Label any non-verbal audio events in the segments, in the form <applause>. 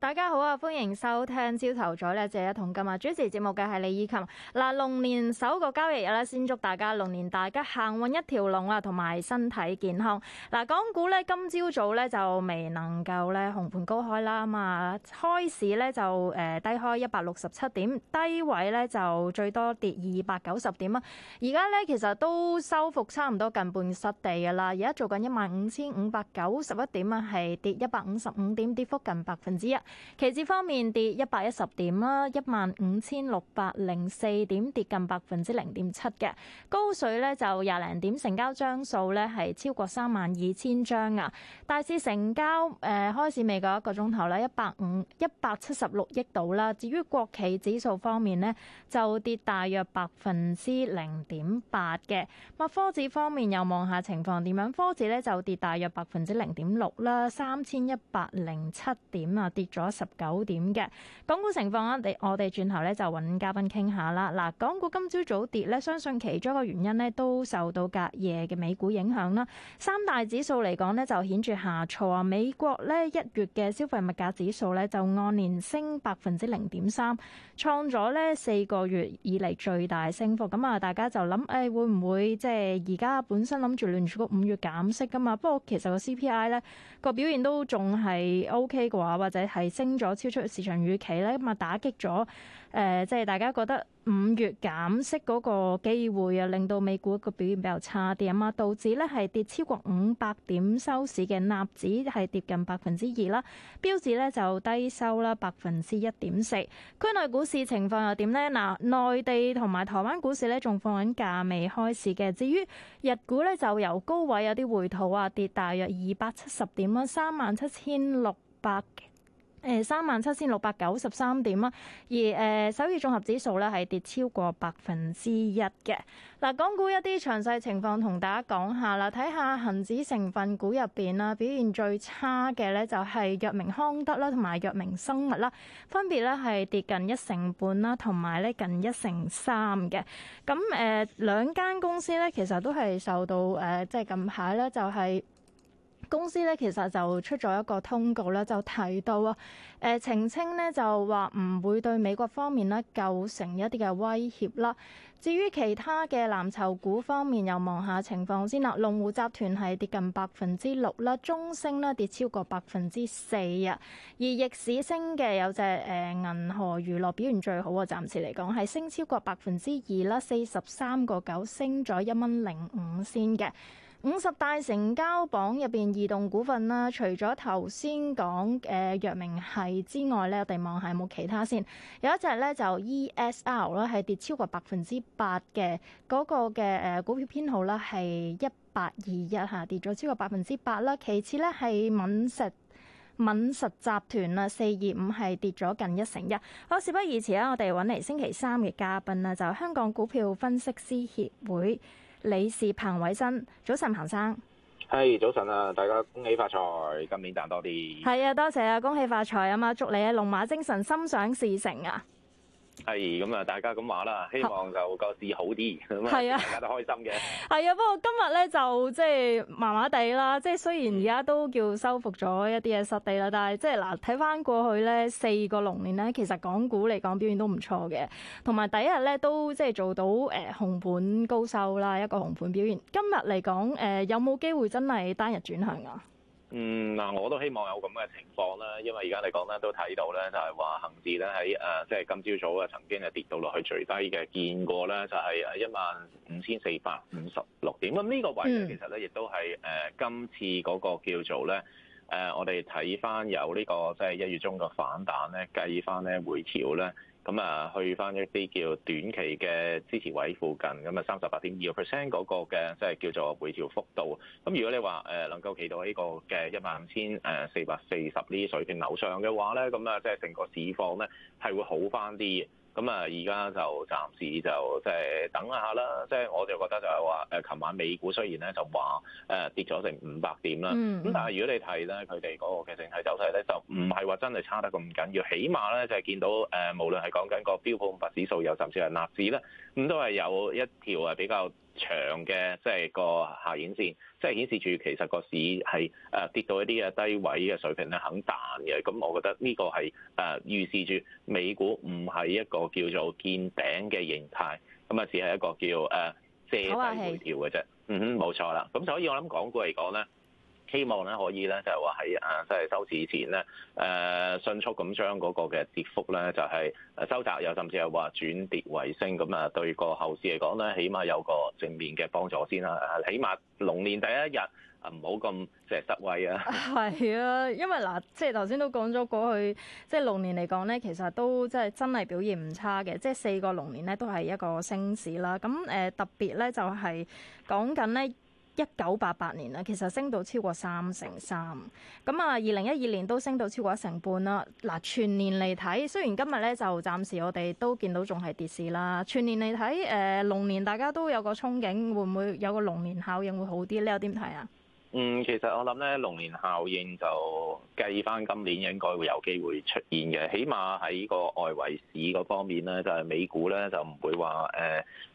大家好啊！歡迎收聽《朝頭早》咧，謝一同今日主持節目嘅係李依琴嗱。龍年首個交易日咧，先祝大家龍年大家行運一條龍啊，同埋身體健康嗱。港股咧今朝早咧就未能夠咧紅盤高開啦，咁啊開市咧就誒低開一百六十七點，低位咧就最多跌二百九十點啊。而家咧其實都收復差唔多近半失地㗎啦，而家做緊一萬五千五百九十一點啊，係跌一百五十五點，跌幅近百分之一。期指方面跌一百一十點啦，一萬五千六百零四點，跌近百分之零點七嘅。高水咧就廿零點，成交張數咧係超過三萬二千張噶。大市成交誒、呃，開市未過一個鐘頭啦，一百五一百七十六億度啦。至於國企指數方面，方面看看呢，就跌大約百分之零點八嘅。物科指方面又望下情況點樣？科指呢就跌大約百分之零點六啦，三千一百零七點啊跌咗咗十九點嘅港股情況啊，我哋轉頭咧就揾嘉賓傾下啦。嗱，港股今朝早早跌咧，相信其中一個原因咧都受到隔夜嘅美股影響啦。三大指數嚟講咧就顯著下挫啊。美國咧一月嘅消費物價指數咧就按年升百分之零點三，創咗咧四個月以嚟最大升幅。咁啊，大家就諗誒、哎、會唔會即係而家本身諗住聯儲局五月減息噶嘛，不過其實個 CPI 咧個表現都仲係 OK 嘅話，或者係。升咗，超出市場預期咧，咁啊打擊咗誒、呃，即係大家覺得五月減息嗰個機會啊，令到美股個表現比較差啲啊，道指咧係跌超過五百點收市嘅，納指係跌近百分之二啦，標指呢就低收啦百分之一點四。區內股市情況又點呢？嗱、呃，內地同埋台灣股市呢仲放緊假未開市嘅，至於日股呢，就由高位有啲回吐啊，跌大約二百七十點啦，三萬七千六百。37, 誒三萬七千六百九十三點啊，而誒、呃、首爾綜合指數咧係跌超過百分之一嘅。嗱，港股一啲詳細情況同大家講下啦。睇下恒指成分股入邊啦，表現最差嘅咧就係藥明康德啦，同埋藥明生物啦，分別咧係跌近一成半啦，同埋咧近一成三嘅。咁誒、呃、兩間公司咧，其實都係受到誒即係近排咧就係、是。公司咧其實就出咗一個通告啦，就提到啊，誒、呃、澄清呢，就話唔會對美國方面呢，構成一啲嘅威脅啦。至於其他嘅藍籌股方面，又望下情況先啦。龍湖集團係跌近百分之六啦，中升咧跌超過百分之四啊，而逆市升嘅有隻誒、呃、銀河娛樂表現最好啊，暫時嚟講係升超過百分之二啦，四十三個九升咗一蚊零五先嘅。五十大成交榜入邊，異動股份啦，除咗頭先講嘅藥明系之外咧，我哋望下有冇其他先。有一隻咧就 E S R 啦，係跌超過百分之八嘅嗰個嘅誒股票編號啦，係一八二一下跌咗超過百分之八啦。其次咧係敏實，敏實集團啦，四二五係跌咗近一成一。好，事不宜遲啦，我哋揾嚟星期三嘅嘉賓啦，就香港股票分析師協會。李是彭偉新，早晨彭生，係、hey, 早晨啊！大家恭喜發財，今年賺多啲。係啊，多謝啊！恭喜發財啊嘛，祝你啊龍馬精神，心想事成啊！係咁啊！大家咁話啦，希望就個市好啲咁啊，的大家都開心嘅。係啊，不過今日咧就即係麻麻地啦。即係雖然而家都叫收復咗一啲嘅失地啦，但係即係嗱，睇翻過去咧四個龍年咧，其實港股嚟講表現都唔錯嘅。同埋第一日咧都即係做到誒、呃、紅盤高收啦，一個紅盤表現。今日嚟講誒、呃、有冇機會真係單日轉向啊？嗯，嗱，我都希望有咁嘅情況啦，因為而家嚟講咧，都睇到咧、呃，就係話恆指咧喺誒，即係今朝早啊，曾經係跌到落去最低嘅，見過咧，就係一萬五千四百五十六點。咁呢個位咧，其實咧，亦都係誒、呃、今次嗰個叫做咧，誒、呃、我哋睇翻有呢、呢個即係一月中嘅反彈咧，計翻咧回調咧。咁啊，去翻一啲叫短期嘅支持位附近，咁啊三十八點二個 percent 嗰個嘅，即係叫做回調幅度。咁如果你話誒能夠企到喺個嘅一萬五千誒四百四十呢水平樓上嘅話咧，咁啊即係成個市況咧係會好翻啲。咁啊，而家就暫時就即係等一下啦。即係我就覺得就係話，誒，琴晚美股雖然咧就話誒跌咗成五百點啦，咁、mm hmm. 但係如果你睇咧佢哋嗰個嘅整體走勢咧，就唔係話真係差得咁緊要。起碼咧就係見到誒，無論係講緊個標普五百指數，又甚至係納指咧，咁都係有一條係比較長嘅即係個下影線，即係顯示住其實個市係誒跌到一啲嘅低位嘅水平咧，肯彈嘅。咁我覺得呢個係誒預示住美股唔係一個叫做見頂嘅形態，咁啊只係一個叫誒借底回調嘅啫。嗯哼，冇錯啦。咁所以我諗港股嚟講咧。希望咧可以咧就係話喺啊，即係收市前咧，誒迅速咁將嗰個嘅跌幅咧就係收窄，又甚至係話轉跌為升，咁啊對個後市嚟講咧，起碼有個正面嘅幫助先啦。起碼龍年第一日啊，唔好咁石失威啊。係啊，因為嗱，即係頭先都講咗過去，即係龍年嚟講咧，其實都即係真係表現唔差嘅。即係四個龍年咧都係一個升市啦。咁誒、呃、特別咧就係、是、講緊咧。一九八八年啦，其實升到超過三成三。咁啊，二零一二年都升到超過一成半啦。嗱，全年嚟睇，雖然今日咧就暫時我哋都見到仲係跌市啦。全年嚟睇，誒、呃、龍年大家都有個憧憬，會唔會有個龍年效應會好啲呢？你有點睇啊？嗯，其實我諗咧，龍年效應就計翻今年應該會有機會出現嘅，起碼喺呢個外圍市嗰方面咧，就係美股咧就唔會話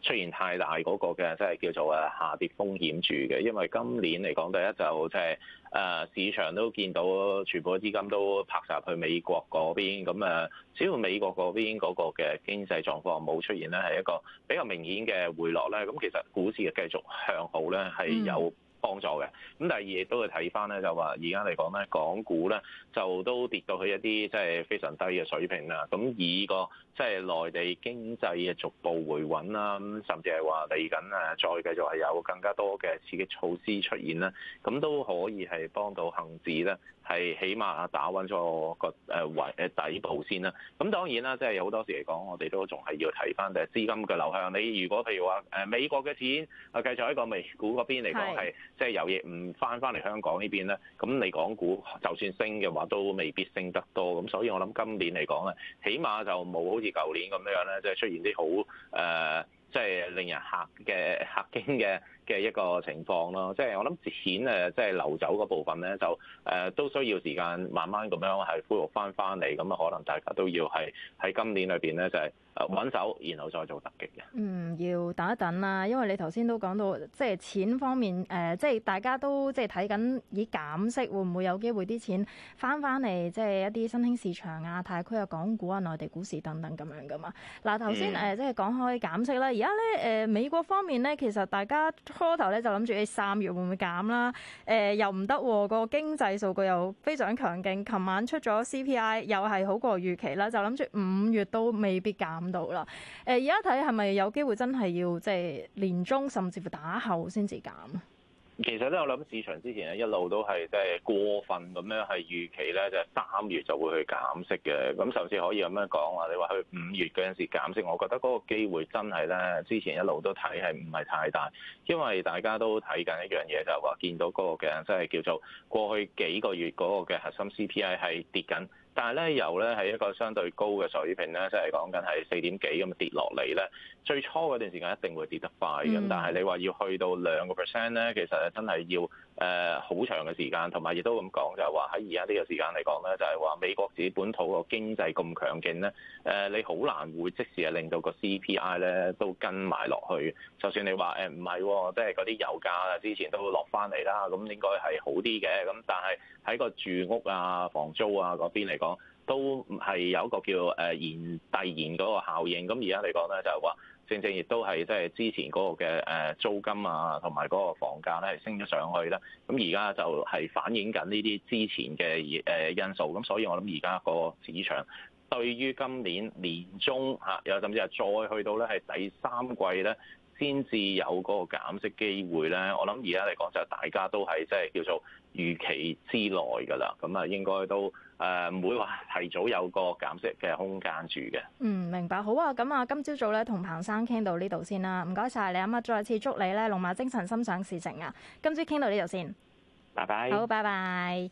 誒出現太大嗰個嘅，即係叫做誒下跌風險住嘅，因為今年嚟講，第一就即係誒市場都見到全部嘅資金都拍晒去美國嗰邊，咁誒只要美國嗰邊嗰個嘅經濟狀況冇出現咧係一個比較明顯嘅回落咧，咁其實股市嘅繼續向好咧係有、嗯。幫助嘅，咁第二亦都會睇翻咧，就話而家嚟講咧，港股咧就都跌到去一啲即係非常低嘅水平啦。咁以個即係、就是、內地經濟嘅逐步回穩啦，咁甚至係話嚟緊誒再繼續係有更加多嘅刺激措施出現啦，咁都可以係幫到恒指咧係起碼打穩咗個誒底誒底部先啦。咁當然啦，即係好多時嚟講，我哋都仲係要睇翻誒資金嘅流向。你如果譬如話誒美國嘅錢啊，繼續喺個美股嗰邊嚟講係。即係有嘢唔翻翻嚟香港呢邊咧，咁你港股就算升嘅話，都未必升得多。咁所以我諗今年嚟講咧，起碼就冇好似舊年咁樣咧，即係出現啲好誒，即係令人嚇嘅嚇驚嘅嘅一個情況咯。即係我諗錢誒即係流走嘅部分咧，就誒都需要時間慢慢咁樣係恢復翻翻嚟。咁啊，可能大家都要係喺今年裏邊咧，就係。誒搵手，然後再做突擊嘅。嗯，要等一等啦，因為你頭先都講到，即係錢方面，誒、呃，即係大家都即係睇緊以減息，會唔會有機會啲錢翻返嚟？即係一啲新興市場啊、太區啊、港股啊、內地股市等等咁樣噶嘛。嗱、啊，頭先誒即係講開減息啦，而家咧誒美國方面咧，其實大家初頭咧就諗住誒三月會唔會減啦？誒、呃、又唔得喎，個經濟數據又非常強勁。琴晚出咗 CPI，又係好過預期啦，就諗住五月都未必減。到啦，誒而家睇係咪有機會真係要即係年中甚至乎打後先至減？其實咧，我諗市場之前咧一路都係即係過分咁樣係預期咧，就係三月就會去減息嘅。咁甚至可以咁樣講話，你話去五月嗰陣時減息，我覺得嗰個機會真係咧之前一路都睇係唔係太大，因為大家都睇緊一樣嘢就係話見到嗰個嘅即係叫做過去幾個月嗰個嘅核心 CPI 係跌緊。.但係咧，油咧係一個相對高嘅水平咧，即係講緊係四點幾咁跌落嚟咧。最初嗰段時間一定會跌得快，咁但係你話要去到兩個 percent 咧，其實真係要誒好、呃、長嘅時間，同埋亦都咁講就係話喺而家呢個時間嚟講咧，就係話美國自己本土個經濟咁強勁咧，誒、呃、你好難會即時啊令到個 CPI 咧都跟埋落去。就算你話誒唔係喎，即係嗰啲油價啊之前都會落翻嚟啦，咁應該係好啲嘅，咁但係喺個住屋啊、房租啊嗰邊嚟講，都係有一個叫誒延遞延嗰個效應。咁而家嚟講咧就係話。正正亦都係即係之前嗰個嘅誒租金啊，同埋嗰個房價咧係升咗上去啦。咁而家就係反映緊呢啲之前嘅誒因素。咁所以我諗而家個市場對於今年年中嚇，又甚至係再去到咧係第三季咧，先至有嗰個減息機會咧。我諗而家嚟講就大家都係即係叫做預期之內㗎啦。咁啊，應該都。誒，唔會話提早有個減息嘅空間住嘅。嗯，明白，好啊，咁啊，今朝早咧，同彭生傾到呢度先啦，唔該晒你，咁啊，再次祝你咧，龍馬精神心想事成啊！今朝傾到呢度先，拜拜，好，拜拜。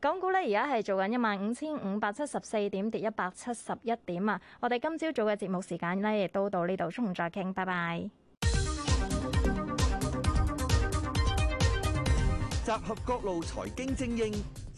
港股咧而家係做緊一萬五千五百七十四點，跌一百七十一點啊！我哋今朝早嘅節目時間咧，亦都到呢度，中午再傾，拜拜。集合各路財經精英，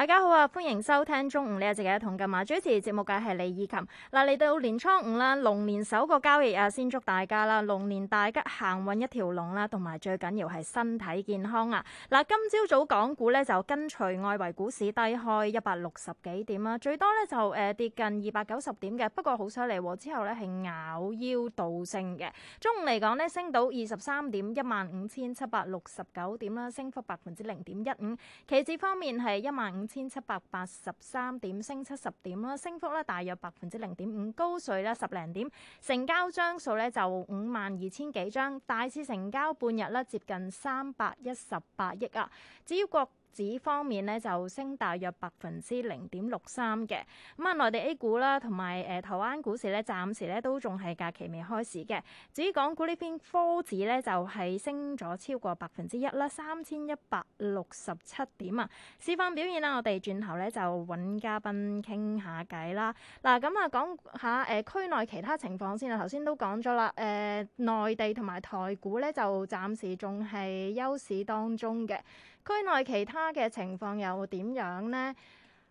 大家好啊，歡迎收聽中午呢一節嘅《同金馬》，主持節目嘅係李以琴。嗱，嚟到年初五啦，龍年首個交易日啊，先祝大家啦，龍年大吉，行運一條龍啦，同埋最緊要係身體健康啊！嗱，今朝早港股咧就跟隨外圍股市低開一百六十幾點啦，最多咧就誒跌近二百九十點嘅，不過好犀利，之後咧係咬腰倒升嘅。中午嚟講咧升到二十三點一萬五千七百六十九點啦，升幅百分之零點一五。期指方面係一萬五。千七百八十三點，升七十點啦，升幅咧大約百分之零點五，高水咧十零點，成交張數咧就五萬二千幾張，大市成交半日咧接近三百一十八億啊，只要國指方面呢就升大約百分之零點六三嘅，咁啊內地 A 股啦同埋誒台灣股市呢，暫時呢都仲係假期未開市嘅。至於港股呢邊，科指呢，就係、是、升咗超過百分之一啦，三千一百六十七點啊。市況表現啦，我哋轉頭呢就揾嘉賓傾下偈啦。嗱，咁啊講下誒、呃、區內其他情況先啊，頭先都講咗啦，誒、呃、內地同埋台股呢，就暫時仲係休市當中嘅。區內其他嘅情況又點樣呢？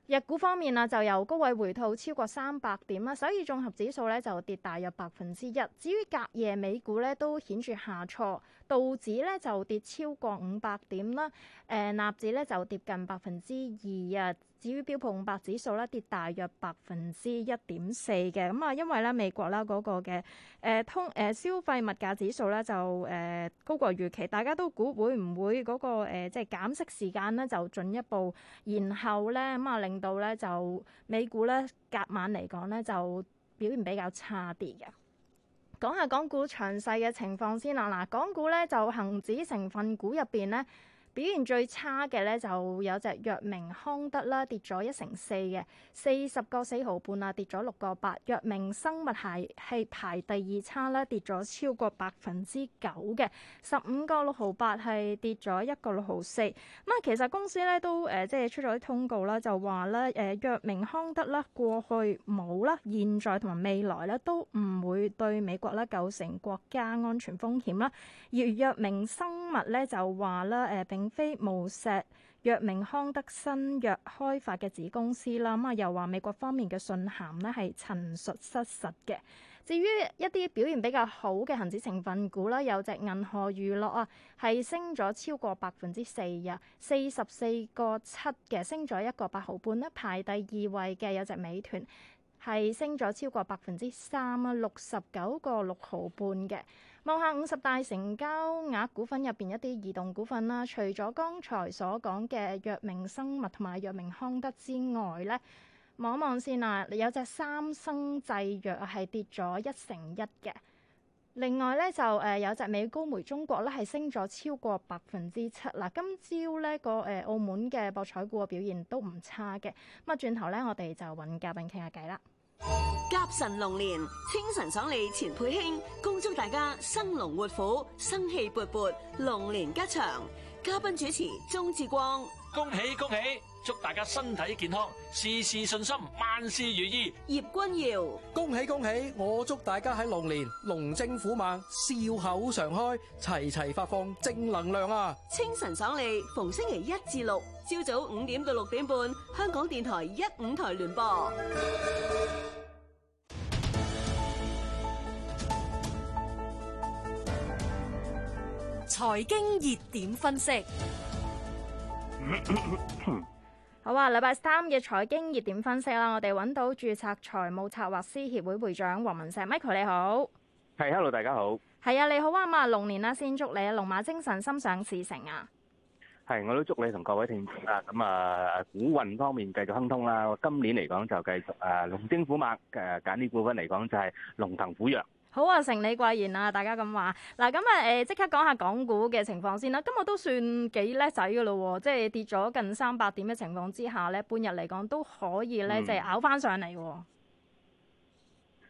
日股方面啊，就由高位回吐超過三百點啊，所以綜合指數咧就跌大約百分之一。至於隔夜美股咧都顯著下挫，道指咧就跌超過五百點啦，誒、呃、納指咧就跌近百分之二啊。至於標普五百指數咧跌大約百分之一點四嘅，咁啊，因為咧美國啦嗰個嘅誒、呃、通誒、呃、消費物價指數咧就誒高過預期，大家都估會唔會嗰、那個、呃、即係減息時間咧就進一步，然後咧咁啊令到咧就美股咧隔晚嚟講咧就表現比較差啲嘅。講下港股詳細嘅情況先啦，嗱，港股咧就恒指成分股入邊咧。表現最差嘅咧，就有隻藥明康德啦，跌咗一成四嘅；四十個四毫半啊，跌咗六個八；藥明生物係係排第二差啦，跌咗超過百分之九嘅；十五個六毫八係跌咗一個六毫四。咁啊，其實公司咧都誒、呃，即係出咗啲通告啦，就話咧誒，藥明康德啦，過去冇啦，現在同埋未來咧都唔會對美國咧構成國家安全風險啦。而藥明生物咧就話咧誒，並非無錫藥明康德新藥開發嘅子公司啦，咁啊又話美國方面嘅信函咧係陳述失實嘅。至於一啲表現比較好嘅恒指成分股啦，有隻銀河娛樂啊係升咗超過百分之四啊，四十四個七嘅，升咗一個八毫半啦。排第二位嘅有隻美團係升咗超過百分之三啊，六十九個六毫半嘅。放下五十大成交額股份入邊一啲移動股份啦，除咗剛才所講嘅藥明生物同埋藥明康德之外呢，望一望先啊，有隻三生製藥係跌咗一成一嘅，另外呢，就誒有隻美高梅中國呢係升咗超過百分之七啦。今朝呢個誒澳門嘅博彩股嘅表現都唔差嘅。咁啊轉頭呢，我哋就揾嘉賓傾下偈啦。甲辰龍年，清晨爽利，錢佩興，恭祝大家生龍活虎，生氣勃勃，龍年吉祥。嘉賓主持鍾志光，恭喜恭喜，祝大家身體健康，事事順心，萬事如意。葉君耀，恭喜恭喜，我祝大家喺龍年龍精虎猛，笑口常開，齊齊發放正能量啊！清晨爽利，逢星期一至六，朝早五點到六點半，香港電台一五台聯播。財經熱點分析，好啊！禮拜三嘅財經熱點分析啦，我哋揾到註冊財務策劃師協會會長黃敏碩，Michael 你好，係，hello，大家好，係啊，你好啊嘛，龍年啦，先祝你龍馬精神，心想事成啊！係，我都祝你同各位聽眾啊，咁啊，股運方面繼續亨通啦。今年嚟講就繼續誒，龍精虎猛，誒，揀啲股份嚟講就係龍騰虎躍。好啊，承你貴言啊，大家咁話嗱，咁啊誒，即、呃、刻講下港股嘅情況先啦。今日都算幾叻仔嘅咯喎，即係跌咗近三百點嘅情況之下咧，半日嚟講都可以咧，即係拗翻上嚟喎、啊。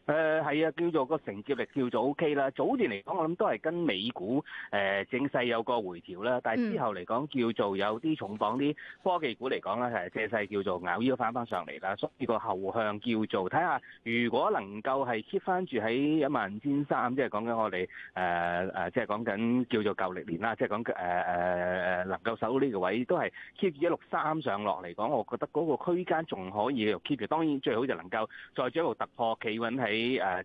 誒係、呃、啊，叫做個承接力叫做 O、OK、K 啦。早前嚟講，我諗都係跟美股誒整勢有個回調啦。但係之後嚟講，叫做有啲重磅啲科技股嚟講咧，係借勢叫做咬腰翻翻上嚟啦。所以個後向叫做睇下，看看如果能夠係 keep 翻住喺一萬五千三，即係講緊我哋誒誒，即係講緊叫做舊歷年啦，即係講誒誒誒，能夠守呢個位都係 keep 住一六三上落嚟講，我覺得嗰個區間仲可以 keep 住。當然最好就能夠再進一步突破企穩喺。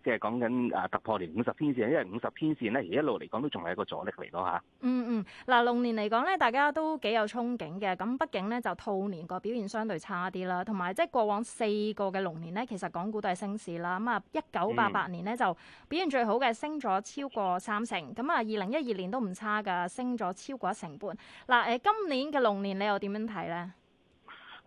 誒，即係講緊誒突破年五十天線，因為五十天線咧，而一路嚟講都仲係一個阻力嚟，咯吓。嗯嗯，嗱，龍年嚟講咧，大家都幾有憧憬嘅。咁畢竟咧，就兔年個表現相對差啲啦，同埋即係過往四個嘅龍年咧，其實港股都係升市啦。咁啊，一九八八年咧就表現最好嘅，嗯，升咗超過三成。咁啊，二零一二年都唔差噶，升咗超過一成半。嗱，誒，今年嘅龍年你又點樣睇咧？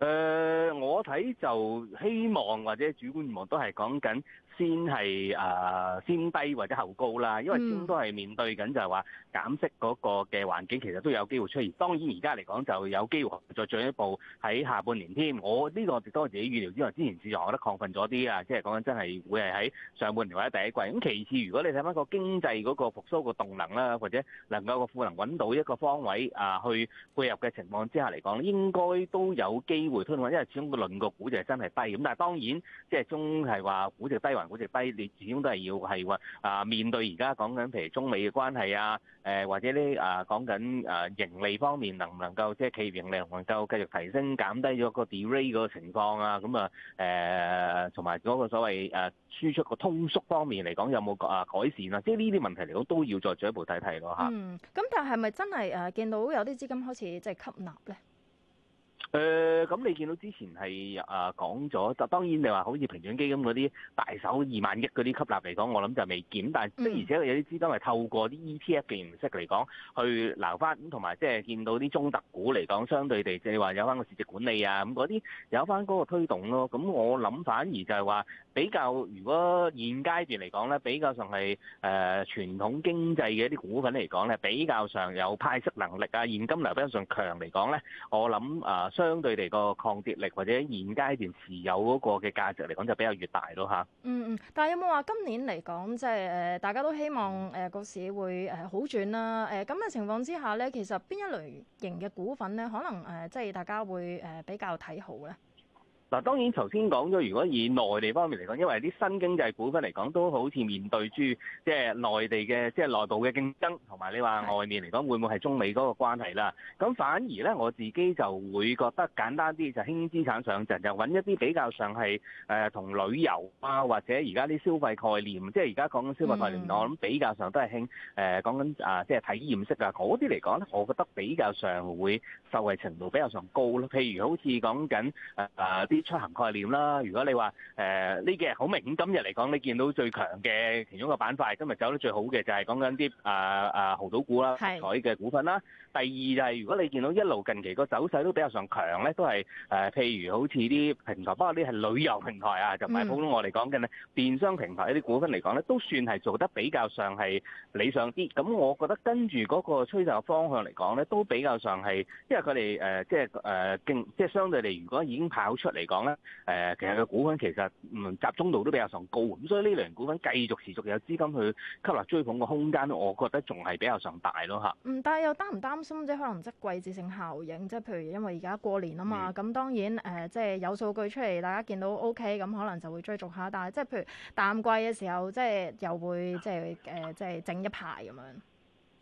誒、呃，我睇就希望或者主觀望都係講緊。先係誒先低或者後高啦，因為始終都係面對緊就係話減息嗰個嘅環境，其實都有機會出現。當然而家嚟講就有機會再進一步喺下半年添。我呢個亦都係自己預料之外，之前市場我覺得亢奮咗啲啊，即係講緊真係會係喺上半年或者第一季。咁其次，如果你睇翻個經濟嗰個復甦個動能啦，或者能夠個富能揾到一個方位啊，去配合嘅情況之下嚟講，應該都有機會推動。因為始終個輪個股就係真係低，咁但係當然即係中係話估值低還。好似低劣，始終都係要係話啊，面對而家講緊，譬如中美嘅關係啊，誒或者呢啊講緊誒盈利方面能唔能夠即係企業盈利能夠繼續提升，減低咗個 delay 嗰個情況啊，咁啊誒同埋嗰個所謂誒輸出個通縮方面嚟講，有冇啊改善啊？即係呢啲問題嚟講，都要再進一步睇睇咯嚇。嗯，咁但係咪真係誒見到有啲資金開始即係吸納咧？誒咁、呃、你見到之前係啊、呃、講咗，就當然你話好似平準基金嗰啲大手二萬億嗰啲吸納嚟講，我諗就未見，但係即係而且有啲資金係透過啲 ETF 嘅形式嚟講去留翻，同埋即係見到啲中特股嚟講，相對地即係話有翻個市值管理啊，咁嗰啲有翻嗰個推動咯、啊。咁我諗反而就係話比較，如果現階段嚟講咧，比較上係誒、呃、傳統經濟嘅一啲股份嚟講咧，比較上有派息能力啊，現金流比較上強嚟講咧，我諗啊～、呃相對嚟個抗跌力，或者現階段持有嗰個嘅價值嚟講，就比較越大咯嚇。嗯嗯，但係有冇話今年嚟講，即係誒大家都希望誒個市會誒好轉啦、啊？誒咁嘅情況之下咧，其實邊一類型嘅股份咧，可能誒即係大家會誒比較睇好咧？嗱，當然頭先講咗，如果以內地方面嚟講，因為啲新經濟股份嚟講，都好似面對住即係內地嘅即係內部嘅競爭，同埋你話外面嚟講會唔會係中美嗰個關係啦？咁反而咧，我自己就會覺得簡單啲就輕，輕資產上陣，就揾一啲比較上係誒同旅遊啊，或者而家啲消費概念，即係而家講緊消費概念，我諗比較上都係興誒講緊啊，即係體驗式啊，嗰啲嚟講咧，我覺得比較上會受惠程度比較上高咯。譬如好似講緊誒誒啲。出行概念啦，如果你話誒呢幾日好明顯，今日嚟講你見到最強嘅其中一個板塊，今日走得最好嘅就係講緊啲啊啊濠賭股啦，係，博彩嘅股份啦。第二就係如果你見到一路近期個走勢都比較上強咧，都係誒譬如好似啲平台，包括啲係旅遊平台啊，就唔係普通我嚟講緊咧，電商平台一啲股份嚟講咧，都算係做得比較上係理想啲。咁我覺得跟住嗰個趨勢嘅方向嚟講咧，都比較上係，因為佢哋誒即係誒經，即係相對嚟，如果已經跑出嚟。講咧，誒其實個股份其實嗯集中度都比較上高，咁所以呢類型股份繼續持續有資金去吸納追捧個空間，我覺得仲係比較上大咯嚇。嗯，但係又擔唔擔心即係可能即係季節性效應，即係譬如因為而家過年啊嘛，咁、嗯、當然誒、呃、即係有數據出嚟，大家見到 O K，咁可能就會追逐下。但係即係譬如淡季嘅時候，即係又會即係誒、呃、即係整一排咁樣。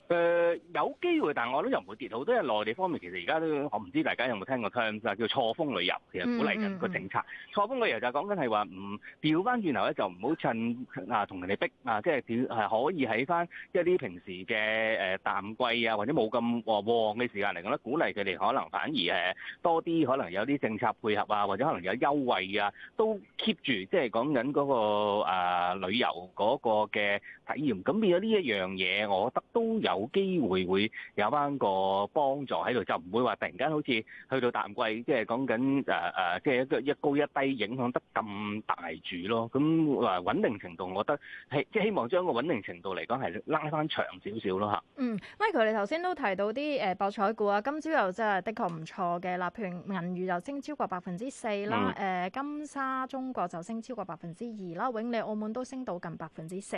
誒有機會，但係我都又唔會跌。好多係內地方面，其實而家都我唔知大家有冇聽過 terms 啦，叫錯峯旅遊，其實鼓勵緊個政策。錯峯旅遊就係講緊係話唔調翻轉頭咧，就唔好趁啊同人哋逼啊，即係調係可以喺翻一啲平時嘅誒淡季啊，或者冇咁旺嘅時間嚟講咧，鼓勵佢哋可能反而誒多啲，可能有啲政策配合啊，或者可能有優惠啊，都 keep 住即係講緊嗰個誒旅遊嗰個嘅體驗。咁變咗呢一樣嘢，我覺得都有。冇機會會有翻個幫助喺度，就唔會話突然間好似去到淡季，即係講緊誒誒，即係一個一高一低影響得咁大住咯。咁話穩定程度，我覺得係即係希望將個穩定程度嚟講係拉翻長少少咯嚇。嗯，Michael，你頭先都提到啲誒博彩股啊，今朝又真係的確唔錯嘅，譬如銀娛就升超過百分之四啦，誒金沙中國就升超過百分之二啦，永利澳門都升到近百分之四。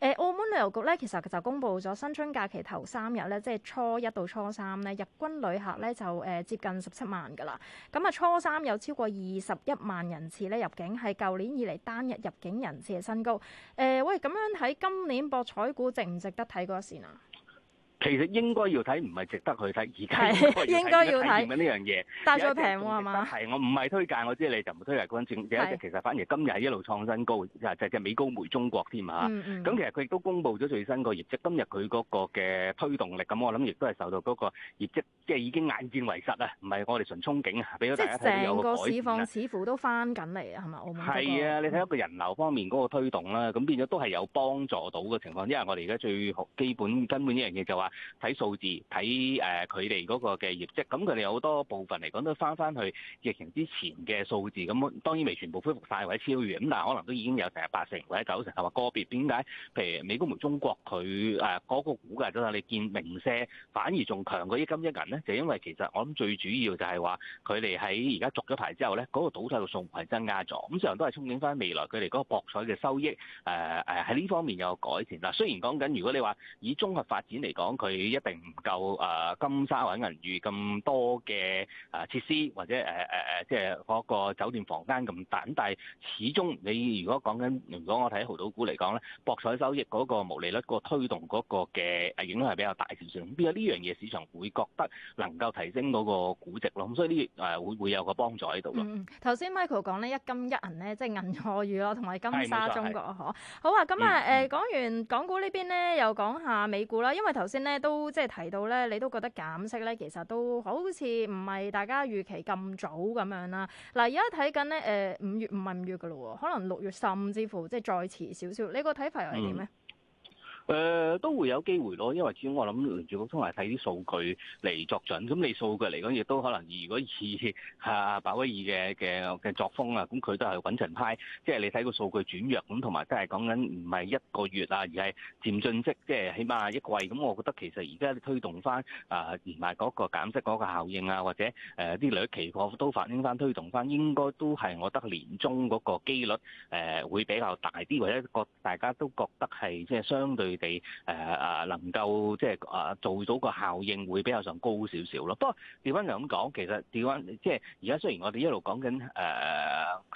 誒，澳門旅遊局咧其實就公布咗新春假期。頭三日咧，即係初一到初三咧，日均旅客咧就誒、呃、接近十七萬噶啦。咁啊，初三有超過二十一萬人次咧入境，係舊年以嚟單日入境人次嘅新高。誒、呃，喂，咁樣睇今年博彩股值唔值得睇嗰一線啊？其實應該要睇，唔係值得去睇。而家應該要睇呢樣嘢，但係再平喎係嘛？係，我唔係推介，我知你就唔推介。關鍵嘅一隻其實，反而今日係一路創新高，又係只隻美高梅中國添嚇。咁、啊嗯嗯、其實佢亦都公布咗最新個業績，今日佢嗰個嘅推動力，咁我諗亦都係受到嗰個業績，即係已經眼見為實啊，唔係我哋純憧憬啊。俾咗即係成個市況似乎都翻緊嚟啊，係咪？係、那個、啊，你睇一個人流方面嗰個推動啦，咁變咗都係有幫助到嘅情況。因為我哋而家最基本根本一樣嘢就話、是。睇數字，睇誒佢哋嗰個嘅業績，咁佢哋好多部分嚟講都翻翻去疫情之前嘅數字，咁當然未全部恢復晒或者超越，咁但係可能都已經有成八成或者九成係話個別。點解？譬如美高梅、中國佢誒嗰個股價，都有你見名些反而仲強過一金一銀咧，就因為其實我諗最主要就係話佢哋喺而家續咗牌之後咧，嗰、那個賭枱嘅數係增加咗，咁所有都係憧憬翻未來佢哋嗰個博彩嘅收益誒誒喺呢方面有改善。嗱，雖然講緊如果你話以綜合發展嚟講，佢一定唔夠誒金沙或者銀娛咁多嘅誒設施，或者誒誒誒，即係嗰個酒店房間咁大。咁但係始終你如果講緊，如果我睇喺濠賭股嚟講咧，博彩收益嗰個毛利率個推動嗰個嘅影響係比較大少少。邊有呢樣嘢市場會覺得能夠提升嗰個估值咯？咁所以呢誒會會有個幫助喺度咯。頭先 Michael 講咧一金一銀咧，即係銀河娛咯，同埋金沙中國咯，嗬。好啊，咁啊誒講完港股呢邊咧，又講下美股啦，因為頭先咧。都即係提到咧，你都覺得減息咧，其實都好似唔係大家預期咁早咁樣啦。嗱，而家睇緊咧，誒五月唔係五月噶咯喎，可能六月甚至乎即係再遲少少，你個睇法又係點咧？嗯誒、呃、都會有機會咯，因為始終我諗住聯儲局通常係睇啲數據嚟作準。咁你數據嚟講，亦都可能如果以阿鮑威爾嘅嘅嘅作風啊，咁佢都係穩陣派。即、就、係、是、你睇個數據轉弱咁，同埋都係講緊唔係一個月啊，而係漸進式。即、就、係、是、起碼一個季。咁我覺得其實而家推動翻啊，連埋嗰個減息嗰個效應啊，或者誒啲兩期貨都反映翻推動翻，應該都係我覺得年中嗰個機率誒、呃、會比較大啲，或者覺大家都覺得係即係相對。佢哋誒誒能夠即係誒做到個效應會比較上高少少咯。不過調翻嚟咁講，其實調翻即係而家雖然我哋一路講緊誒，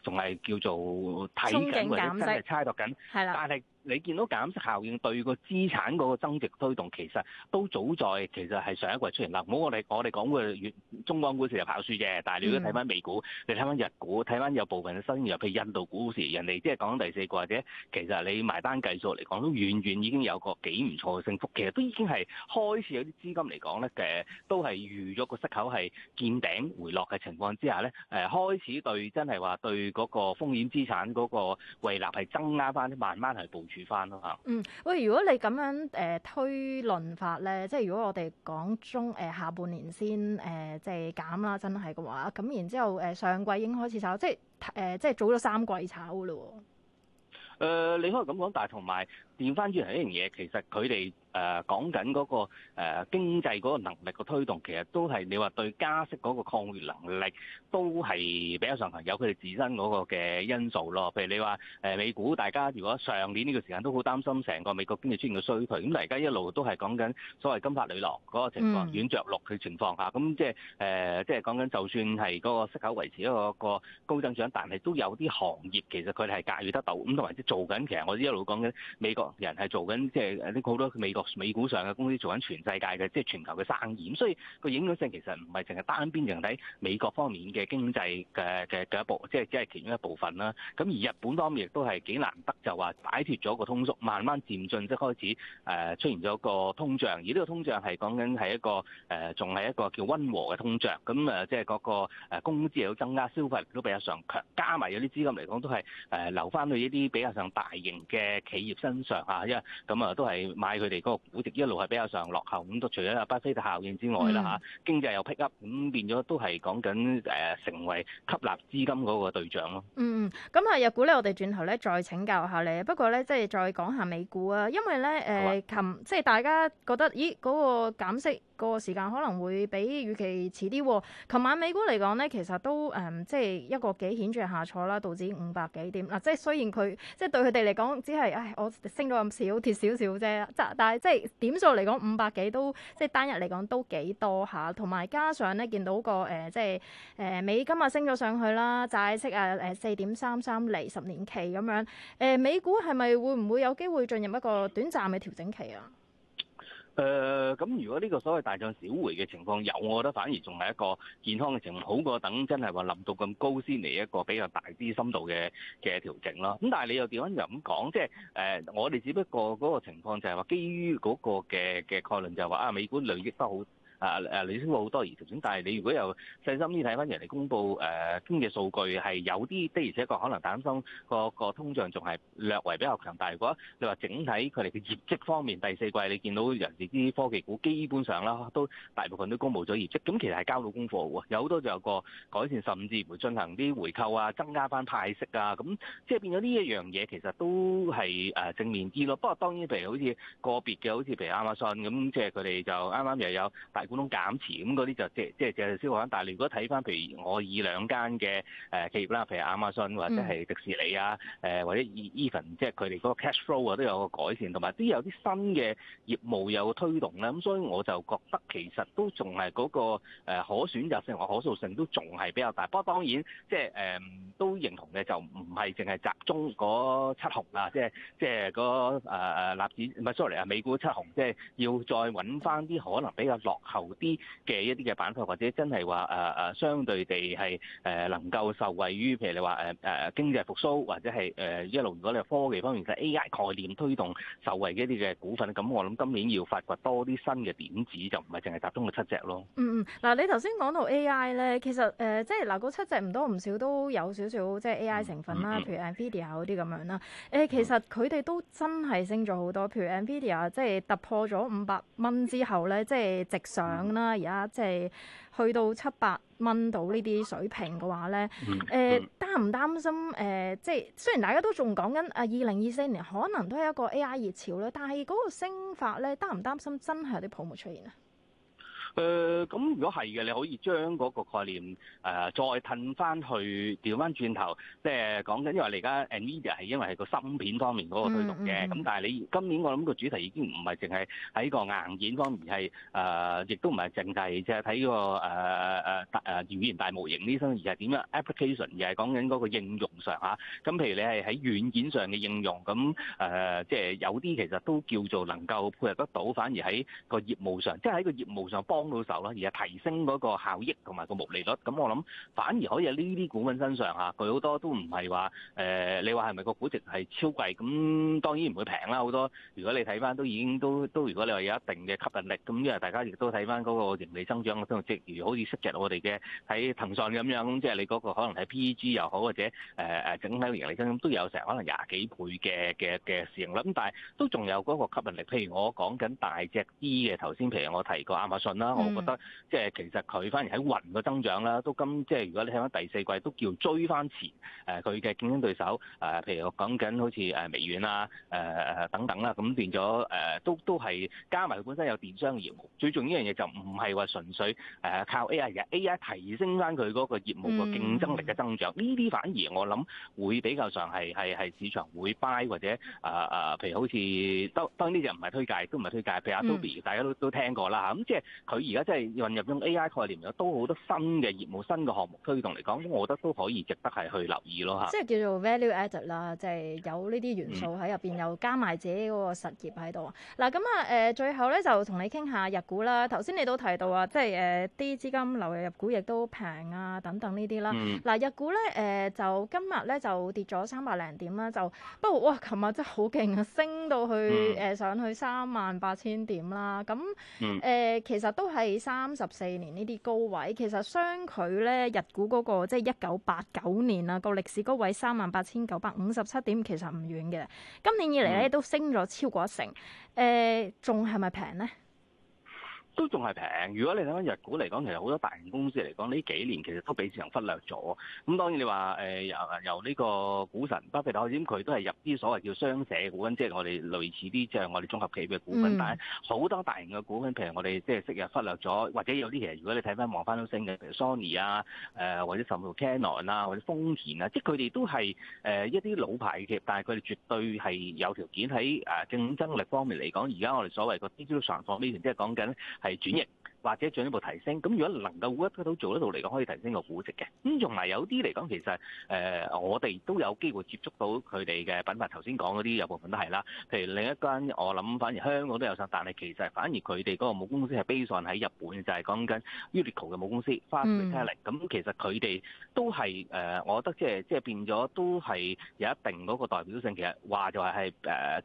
仲、呃、係叫做睇緊，或者真係猜度緊，係啦，但係是。你見到減息效應對個資產嗰個增值推動，其實都早在其實係上一季出現啦。唔好我哋我哋講個粵中港股市又跑輸啫，但係你都睇翻美股，你睇翻日股，睇翻有部分嘅新興，譬如印度股市，人哋即係講第四季或者其實你埋單計數嚟講，都遠遠已經有個幾唔錯嘅升幅。其實都已經係開始有啲資金嚟講咧嘅，都係預咗個息口係見頂回落嘅情況之下咧，誒開始對真係話對嗰個風險資產嗰個胃納係增加翻，慢慢係部翻咯嚇。嗯，喂，如果你咁樣誒、呃、推論法咧，即係如果我哋講中誒、呃、下半年先誒、呃、即係減啦，真係嘅話，咁然之後誒、呃、上季已經開始炒，即係誒、呃、即係早咗三季炒嘅嘞喎。誒，你可以咁講，但係同埋。變翻轉頭係一樣嘢，其實佢哋誒講緊嗰個誒經濟嗰個能力嘅推動，其實都係你話對加息嗰個抗禦能力都係比較上強，有佢哋自身嗰個嘅因素咯。譬如你話誒美股，大家如果上年呢個時間都好擔心成個美國經濟出現個衰退，咁啊而家一路都係講緊所謂金髮女郎嗰個情況，軟著陸嘅情況下。咁即係誒，即係講緊就算係嗰個息口維持一個個高增長，但係都有啲行業其實佢哋係駕馭得到，咁同埋即做緊其實我一路講緊美國。人係做緊即係呢個好多美國美股上嘅公司做緊全世界嘅即係全球嘅生意，咁所以個影響性其實唔係淨係單邊，淨係喺美國方面嘅經濟嘅嘅嘅一部，即係只係其中一部分啦。咁而日本方面亦都係幾難得就話擺脫咗個通縮，慢慢漸進即係、就是、開始誒出現咗個通脹，而呢個通脹係講緊係一個誒仲係一個叫溫和嘅通脹，咁誒即係嗰個誒工資有增加，消費都比較上強，加埋有啲資金嚟講都係誒留翻去一啲比較上大型嘅企業身上。啊，一咁啊都係買佢哋嗰個估值一路係比較上落後，咁都除咗阿巴菲特效應之外啦嚇，嗯、經濟又 pick up，咁變咗都係講緊誒成為吸納資金嗰個對象咯。嗯咁啊，日股咧，我哋轉頭咧再請教下你。不過咧，即、就、係、是、再講下美股啊，因為咧誒，琴、呃啊、即係大家覺得咦嗰、那個減息個時間可能會比預期遲啲、啊。琴晚美股嚟講咧，其實都誒、嗯、即係一個幾顯著下挫啦，道指五百幾點嗱、啊，即係雖然佢即係對佢哋嚟講只係誒我咁少跌少少啫，但但係即係點數嚟講五百幾都即係單日嚟講都幾多吓，同埋加上咧見到個誒、呃、即係誒、呃、美金啊升咗上去啦，債息啊誒四點三三厘十年期咁樣，誒、呃、美股係咪會唔會有機會進入一個短暫嘅調整期啊？誒咁、呃，如果呢個所謂大漲小回嘅情況有，我覺得反而仲係一個健康嘅情況，好過等真係話臨到咁高先嚟一個比較大啲深度嘅嘅調整咯。咁但係你又點樣又咁講？即係誒、呃，我哋只不過嗰個情況就係話，基於嗰個嘅嘅概論就係話啊，美股累積得好。啊啊！你、啊、聽過好多熱錢，但係你如果又細心啲睇翻人哋公佈誒經濟數據，係有啲的，而且確可能擔心、那個、個通脹仲係略為比較強大。如果你話整體佢哋嘅業績方面，第四季你見到人哋啲科技股基本上啦，都大部分都公佈咗業績。咁其實係交到功課喎，有好多就有個改善，甚至乎進行啲回購啊，增加翻派息啊。咁即係變咗呢一樣嘢，其實都係誒正面啲咯。不過當然譬如好似個別嘅，好似譬如亞馬遜咁，即係佢哋就啱啱又有大股東減持咁，嗰啲就即係即係淨係消化緊。但係你如果睇翻，譬如我以兩間嘅誒企業啦，譬如亞馬遜或者係迪士尼啊，誒或者 even 即係佢哋嗰個 cash flow 啊都有個改善，同埋都有啲新嘅業務有推動啦。咁所以我就覺得其實都仲係嗰個可選擇性同可塑性都仲係比較大。不過當然即係誒都認同嘅就唔係淨係集中嗰七雄啦，即係即係嗰誒誒納指唔係 sorry 啊，美股七雄，即係要再揾翻啲可能比較落。某啲嘅一啲嘅板塊，或者真係話誒誒相對地係誒、啊、能夠受惠於，譬如你話誒誒經濟復甦，或者係誒一路如果你係科技方面嘅 AI 概念推動受惠嘅一啲嘅股份，咁我諗今年要發掘多啲新嘅點子，就唔係淨係集中個七隻咯。嗯嗯，嗱、嗯啊、你頭先講到 AI 咧，其實誒即係嗱嗰七隻唔多唔少都有少少即係 AI 成分啦，嗯嗯、譬如 Nvidia 嗰啲咁樣啦。誒、呃、其實佢哋都真係升咗好多，譬如 Nvidia 即係突破咗五百蚊之後咧，即係直上。咁啦，而家即係去到七百蚊到呢啲水平嘅話咧，誒、呃、擔唔擔心？誒、呃、即係雖然大家都仲講緊啊，二零二四年可能都係一個 AI 熱潮咧，但係嗰個升法咧擔唔擔心真係有啲泡沫出現啊？誒咁如果係嘅，你可以將嗰個概念誒再褪翻去調翻轉頭，即係講緊，因為你而家 Nvidia 係因為係個芯片方面嗰個推動嘅，咁但係你今年我諗個主題已經唔係淨係喺個硬件方面係誒，亦都唔係淨係即係睇個誒誒大誒語言大模型呢啲，而係點樣 application，而係講緊嗰個應用上嚇。咁譬如你係喺軟件上嘅應用，咁誒即係有啲其實都叫做能夠配合得到，反而喺個業務上，即係喺個業務上幫。到手啦，而係提升嗰個效益同埋個毛利率。咁我諗反而可以喺呢啲股份身上嚇，佢好多都唔係話誒，你話係咪個估值係超貴？咁當然唔會平啦，好多。如果你睇翻都已經都都，如果你話有一定嘅吸引力，咁因為大家亦都睇翻嗰個盈利增長嘅增值，如好似涉及我哋嘅喺騰訊咁樣，即係你嗰個可能喺 PEG 又好，或者誒誒整體盈利增，都有成可能廿幾倍嘅嘅嘅市盈率。咁但係都仲有嗰個吸引力。譬如我講緊大隻啲嘅頭先，譬如我提過亞馬遜啦。我覺得即係其實佢反而喺雲嘅增長啦，都今即係如果你睇翻第四季都叫追翻前誒佢嘅競爭對手誒，譬如我講緊好似誒微軟啦誒等等啦，咁變咗誒都都係加埋佢本身有電商業務，最重要一樣嘢就唔係話純粹誒靠 A.I. 嘅 A.I. 提升翻佢嗰個業務個競爭力嘅增長，呢啲、嗯、反而我諗會比較上係係係市場會 buy 或者啊啊譬如好似當當然呢隻唔係推介，都唔係推介，譬如 Adobe、嗯、大家都都聽過啦嚇，咁即係佢而家即係混入用 AI 概念，有都好多新嘅業務、新嘅項目推動嚟講，我覺得都可以值得係去留意咯嚇。即係叫做 value added 啦，即係有呢啲元素喺入邊，嗯、又加埋自己嗰個實業喺度。嗱咁啊誒、呃，最後咧就同你傾下日股啦。頭先你都提到啊，即係誒啲資金流入，日股亦都平啊等等呢啲啦。嗱、嗯啊、日股咧誒、呃、就今日咧就跌咗三百零點啦，就不過哇琴日真係好勁啊，升到去誒、嗯、上去三萬八千點啦。咁誒、呃、其實都、嗯。都係三十四年呢啲高位，其實相距咧日股嗰個即係一九八九年啊個歷史高位三萬八千九百五十七點，其實唔遠嘅。今年以嚟咧都升咗超過一成，誒仲係咪平咧？都仲係平。如果你睇翻日股嚟講，其實好多大型公司嚟講，呢幾年其實都俾市場忽略咗。咁當然你話誒由由呢個股神巴菲特，咁佢都係入啲所謂叫商社股，即係我哋類似啲即係我哋綜合企業嘅股份。但係好多大型嘅股份，譬如我哋即係昔日忽略咗，或者有啲其實如果你睇翻望翻都升嘅，譬如 Sony 啊，誒或者甚至 Canon 啊，或者豐田啊，即係佢哋都係誒一啲老牌嘅企業，但係佢哋絕對係有條件喺誒競爭力方面嚟講，而家我哋所謂個 d i g i t a l economy，即係講緊。係轉型。或者進一步提升，咁如果能夠估得到做得到嚟講，可以提升個估值嘅。咁同埋有啲嚟講，其實誒、呃、我哋都有機會接觸到佢哋嘅品牌。頭先講嗰啲有部分都係啦。譬如另一間，我諗反而香港都有嘅，但係其實反而佢哋嗰個母公司係 base on 喺日本，就係、是、講緊 Uniqlo 嘅母公司 Fast Retailing，咁其實佢哋都係誒、呃，我覺得即係即係變咗都係有一定嗰個代表性。其實話就話係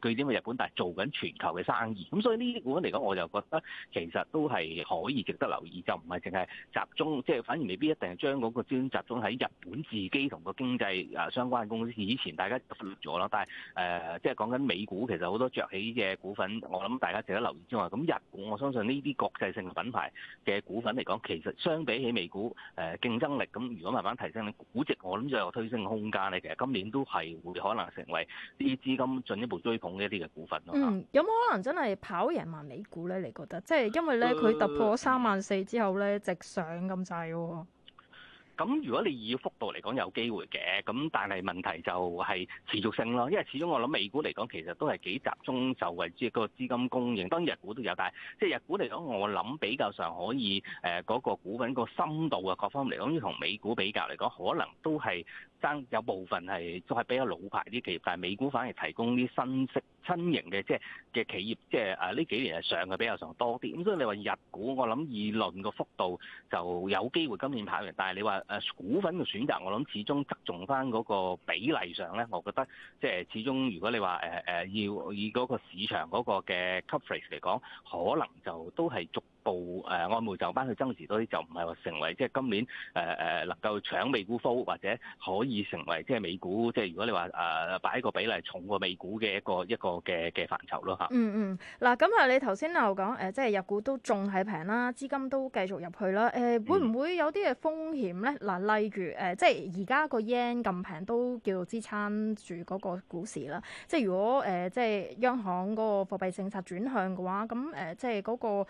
誒據點去日本，但係做緊全球嘅生意。咁所以呢啲股嚟講，我就覺得其實都係可以。而值得留意就唔係淨係集中，即係反而未必一定係將嗰個資金集中喺日本自己同個經濟啊相關嘅公司。以前大家忽略咗啦，但係誒、呃，即係講緊美股，其實好多着起嘅股份，我諗大家值得留意之外，咁日股我相信呢啲國際性品牌嘅股份嚟講，其實相比起美股誒競、呃、爭力，咁如果慢慢提升咧，估值我諗就有推升空間咧。其實今年都係會可能成為啲資金進一步追捧一啲嘅股份咯。嗯，有冇可能真係跑贏萬美股咧？你覺得？即係因為咧，佢突破。三萬四之後咧，直上咁滯喎。咁如果你以幅度嚟講，有機會嘅。咁但係問題就係持續性咯，因為始終我諗美股嚟講，其實都係幾集中就為之、嗰個資金供應。當然日股都有，但係即係日股嚟講，我諗比較上可以誒嗰、呃嗰個股份個深度啊，各方面嚟講，於同美股比較嚟講，可能都係爭有部分係都係比較老牌啲企業，但係美股反而提供啲新式。新型嘅即係嘅企業，即係啊呢幾年係上嘅比較上多啲，咁所以你話日股，我諗二輪個幅度就有機會今年跑贏，但係你話誒股份嘅選擇，我諗始終側重翻嗰個比例上咧，我覺得即係始終如果你話誒誒要以嗰個市場嗰個嘅 coverage 嚟講，可能就都係逐。部誒外匯就班去增持多啲，就唔係話成為即係今年誒誒能夠搶美股鋪，或者可以成為即係美股，即係如果你話誒擺個比例重過美股嘅一個一個嘅嘅範疇咯嚇。嗯嗯，嗱咁啊，你頭先又講誒，即係日股都仲係平啦，資金都繼續入去啦。誒，會唔會有啲嘅風險咧？嗱，例如誒，即係而家個 yen 咁平都叫做支撐住嗰個股市啦。即係如果誒，即係央行嗰個貨幣政策轉向嘅話，咁誒，即係嗰個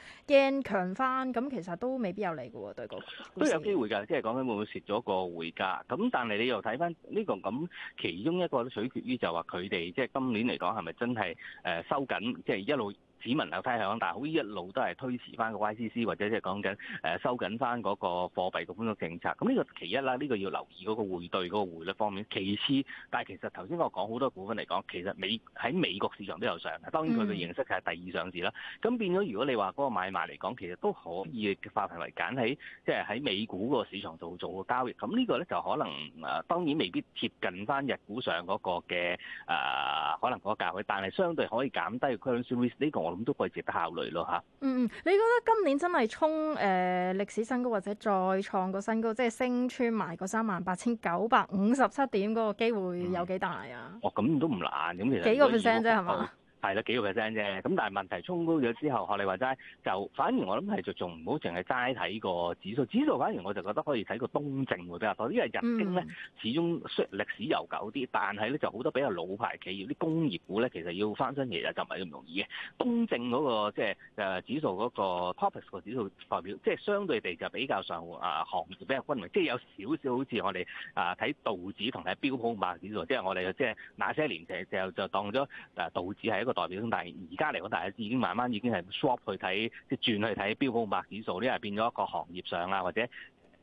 強翻咁，其實都未必有利嘅喎，對、就是、個都有機會㗎，即係講緊會唔會蝕咗個匯價。咁但係你又睇翻呢個咁，其中一個都取決於就話佢哋即係今年嚟講，係咪真係誒收緊，即、就、係、是、一路。市民有睇向，但係好似一路都係推遲翻個 YCC，或者即係講緊誒收緊翻嗰個貨幣局嗰個政策。咁呢個其一啦，呢、呢個要留意嗰個匯兌嗰、嗰個匯率方面。其次，但係其實頭先我講好多股份嚟講，其實美喺美國市場都有上，當然佢嘅形式就係第二上市啦。咁變咗，如果你話嗰個買賣嚟講，其實都可以化繁為簡喺即係喺美股個市場度做個交易。咁呢個咧就可能誒，當然未必貼近翻日股上嗰個嘅誒、呃、可能嗰個價位，但係相對可以減低 currency risk 呢個。咁都值得考慮咯嚇。嗯嗯，你覺得今年真係衝誒、呃、歷史新高或者再創個新高，即係升穿埋個三萬八千九百五十七點嗰、那個機會有幾大啊、嗯？哦，咁都唔難，咁其實幾個 percent 啫係嘛？係啦，幾個 percent 啫。咁但係問題衝高咗之後，學你話齋，就反而我諗係仲唔好淨係齋睇個指數。指數反而我就覺得可以睇個東證會比較多，因為日經咧始終雖歷史悠久啲，但係咧就好多比較老牌企業，啲工業股咧其實要翻身其實就唔係咁容易嘅。東證嗰、那個即係誒指數嗰、那個 TOPIX 個指，指數代表，即、就、係、是、相對地就比較上啊行業比較均勻，即、就、係、是、有少少好似我哋啊睇道指同睇標普五百指數，即、就、係、是、我哋即係那些年成時候就當咗誒道指係一個。代表性，但係而家嚟講，但係已經慢慢已經係 swap 去睇，即係轉去睇標普五百指數呢係變咗一個行業上啊，或者。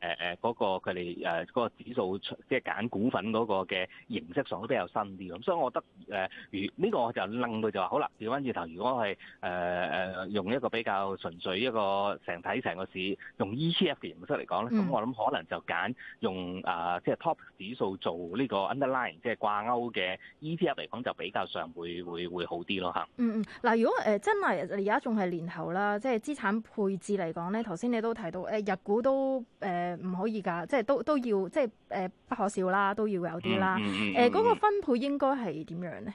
誒誒嗰個佢哋誒嗰個指數，即係揀股份嗰個嘅形式上都比較新啲，咁所以我覺得誒，如、呃、呢、這個我就擰佢就好啦。調翻轉頭，如果係誒誒用一個比較純粹一個成體成個市用 ETF 嘅形式嚟講咧，咁、嗯、我諗可能就揀用啊、呃，即係 Top 指數做呢個 Underline，即係掛鈎嘅 ETF 嚟講就比較上會會會好啲咯嚇。嗯嗯，嗱、呃、如果誒、呃、真係而家仲係年後啦，即、就、係、是、資產配置嚟講咧，頭先你都提到誒日、呃、股都誒。呃呃唔可以㗎，即係都都要，即係誒、呃、不可少啦，都要有啲啦。誒、 <laughs> 呃，嗰、嗰個分配應該係點樣咧？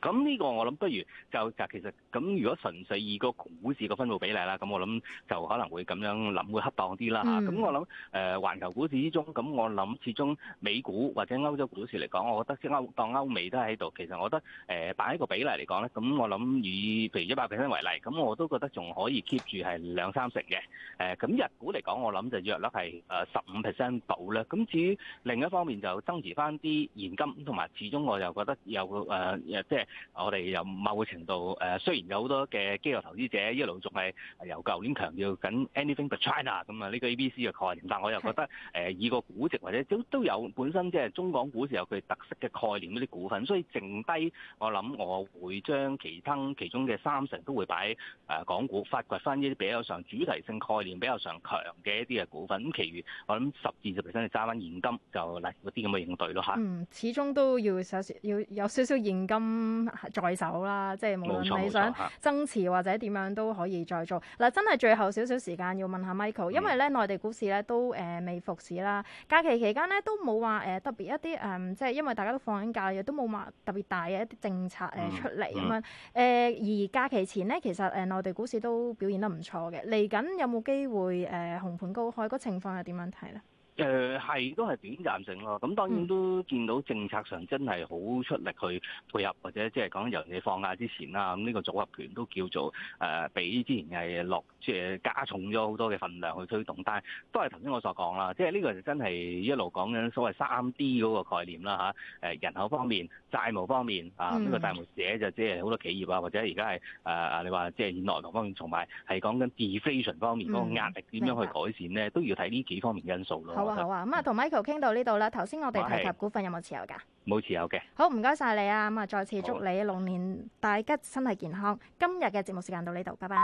咁呢個我諗，不如就就其實咁，如果純粹以個股市個分佈比例啦，咁我諗就可能會咁樣諗會恰當啲啦嚇。咁、mm. 我諗誒，環、呃、球股市之中，咁我諗始終美股或者歐洲股市嚟講，我覺得歐當歐美都喺度。其實我覺得誒擺、呃、一個比例嚟講咧，咁我諗以譬如一百 percent 為例，咁我都覺得仲可以 keep 住係兩三成嘅。誒、呃、咁日股嚟講，我諗就約率係誒十五 percent 度啦。咁至於另一方面就增持翻啲現金，同埋始終我又覺得有誒即係。呃即係我哋有某個程度誒、呃，雖然有好多嘅機構投資者一路仲係由舊年強調緊 anything but China 咁啊，呢個 A B C 嘅概念，但係我又覺得誒是、呃，以個估值或者都都有本身即係中港股市有佢特色嘅概念嗰啲股份，所以剩低我諗我會將其他其中嘅三成都會擺喺港股發掘翻一啲比較上主題性概念比較上強嘅一啲嘅股份，咁其餘我諗十二十 percent 你揸翻現金就，嗱，嗰啲咁嘅應對咯嚇。嗯，始終都要少，要有少少現金。嗯、在手啦，即係無論你想增持或者點樣都可以再做嗱、啊。真係最後少少時間要問下 Michael，因為咧內、嗯、地股市咧都誒未復市啦。假期期間咧都冇話誒特別一啲誒、嗯，即係因為大家都放緊假，亦都冇話特別大嘅一啲政策誒出嚟咁、嗯嗯、樣誒、呃。而假期前咧，其實誒內、呃、地股市都表現得唔錯嘅。嚟緊有冇機會誒、呃、紅盤高開？個情況又點樣睇咧？誒係、嗯、都係短暫性咯，咁當然都見到政策上真係好出力去配合，或者即係講由你放假之前啦，咁、這、呢個組合權都叫做誒、呃、比之前係落即係、呃、加重咗好多嘅份量去推動，但係都係頭先我所講啦，即係呢個就真係一路講緊所謂三 D 嗰個概念啦嚇，誒人口方面、債務方面、嗯、啊，呢、這個債務者就即係好多企業啊，或者而家係誒你話即係現內房方面，同埋係講緊 deflation 方面嗰個壓力點樣去改善咧，嗯、都要睇呢幾方面因素咯。好啊，咁啊，同 Michael 傾到呢度啦。頭先我哋提及股份有冇持有㗎？冇持有嘅。好，唔該晒你啊！咁啊，再次祝你龍年大吉，身體健康。好今日嘅節目時間到呢度，拜拜。